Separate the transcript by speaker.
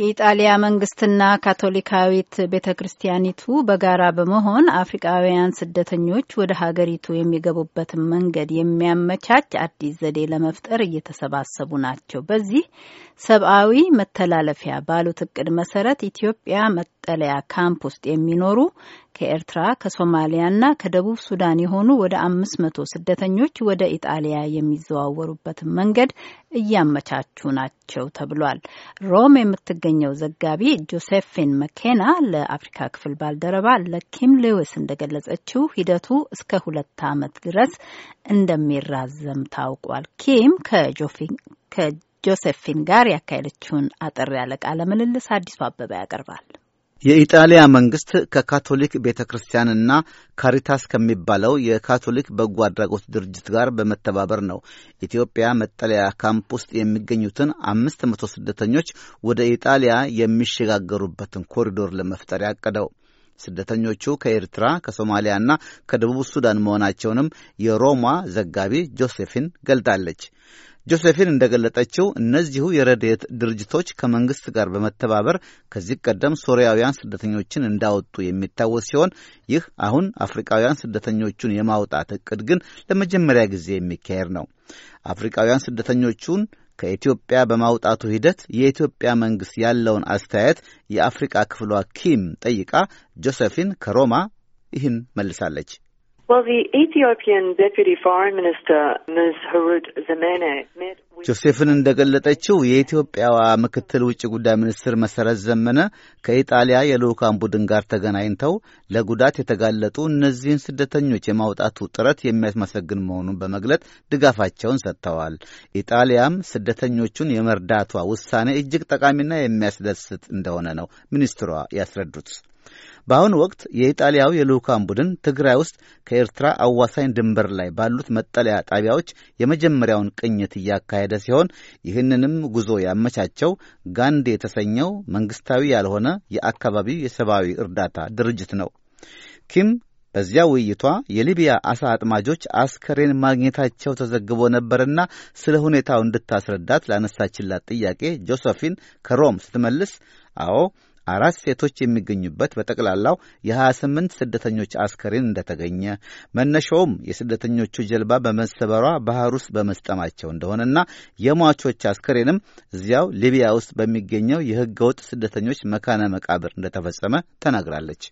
Speaker 1: የኢጣሊያ መንግስትና ካቶሊካዊት ቤተ ክርስቲያኒቱ በጋራ በመሆን አፍሪቃውያን ስደተኞች ወደ ሀገሪቱ የሚገቡበትን መንገድ የሚያመቻች አዲስ ዘዴ ለመፍጠር እየተሰባሰቡ ናቸው። በዚህ ሰብአዊ መተላለፊያ ባሉት እቅድ መሰረት ኢትዮጵያ መጠለያ ካምፕ ውስጥ የሚኖሩ ከኤርትራ ከሶማሊያና ከደቡብ ሱዳን የሆኑ ወደ አምስት መቶ ስደተኞች ወደ ኢጣሊያ የሚዘዋወሩበትን መንገድ እያመቻቹ ናቸው ተብሏል። ሮም የምትገኘው ዘጋቢ ጆሴፊን መኬና ለአፍሪካ ክፍል ባልደረባ ለኪም ሌዊስ እንደገለጸችው ሂደቱ እስከ ሁለት ዓመት ድረስ እንደሚራዘም ታውቋል። ኪም ከጆሴፊን ጋር ያካሄደችውን አጠር ያለ ቃለ ምልልስ አዲሱ አበበ ያቀርባል።
Speaker 2: የኢጣሊያ መንግሥት ከካቶሊክ ቤተ ክርስቲያንና ካሪታስ ከሚባለው የካቶሊክ በጎ አድራጎት ድርጅት ጋር በመተባበር ነው ኢትዮጵያ መጠለያ ካምፕ ውስጥ የሚገኙትን አምስት መቶ ስደተኞች ወደ ኢጣሊያ የሚሸጋገሩበትን ኮሪዶር ለመፍጠር ያቀደው። ስደተኞቹ ከኤርትራ ከሶማሊያና ከደቡብ ሱዳን መሆናቸውንም የሮማ ዘጋቢ ጆሴፊን ገልጣለች። ጆሴፊን እንደገለጠችው እነዚሁ የረድኤት ድርጅቶች ከመንግስት ጋር በመተባበር ከዚህ ቀደም ሶሪያውያን ስደተኞችን እንዳወጡ የሚታወስ ሲሆን ይህ አሁን አፍሪካውያን ስደተኞቹን የማውጣት እቅድ ግን ለመጀመሪያ ጊዜ የሚካሄድ ነው። አፍሪካውያን ስደተኞቹን ከኢትዮጵያ በማውጣቱ ሂደት የኢትዮጵያ መንግሥት ያለውን አስተያየት የአፍሪቃ ክፍሏ ኪም ጠይቃ ጆሴፊን ከሮማ ይህን መልሳለች። ጆሴፍን እንደገለጠችው የኢትዮጵያዋ ምክትል ውጭ ጉዳይ ሚኒስትር መሰረት ዘመነ ከኢጣሊያ የልዑካን ቡድን ጋር ተገናኝተው ለጉዳት የተጋለጡ እነዚህን ስደተኞች የማውጣቱ ጥረት የሚያስመሰግን መሆኑን በመግለጥ ድጋፋቸውን ሰጥተዋል። ኢጣሊያም ስደተኞቹን የመርዳቷ ውሳኔ እጅግ ጠቃሚና የሚያስደስት እንደሆነ ነው ሚኒስትሯ ያስረዱት። በአሁኑ ወቅት የኢጣሊያው የልዑካን ቡድን ትግራይ ውስጥ ከኤርትራ አዋሳኝ ድንበር ላይ ባሉት መጠለያ ጣቢያዎች የመጀመሪያውን ቅኝት እያካሄደ ሲሆን ይህንንም ጉዞ ያመቻቸው ጋንዴ የተሰኘው መንግስታዊ ያልሆነ የአካባቢው የሰብአዊ እርዳታ ድርጅት ነው። ኪም በዚያ ውይይቷ የሊቢያ አሳ አጥማጆች አስከሬን ማግኘታቸው ተዘግቦ ነበርና ስለ ሁኔታው እንድታስረዳት ላነሳችላት ጥያቄ ጆሰፊን ከሮም ስትመልስ አዎ አራት ሴቶች የሚገኙበት በጠቅላላው የ28 ስደተኞች አስከሬን እንደተገኘ መነሻውም የስደተኞቹ ጀልባ በመሰበሯ ባህር ውስጥ በመስጠማቸው እንደሆነና የሟቾች አስከሬንም እዚያው ሊቢያ ውስጥ በሚገኘው የህገ ወጥ ስደተኞች መካነ መቃብር እንደተፈጸመ ተናግራለች።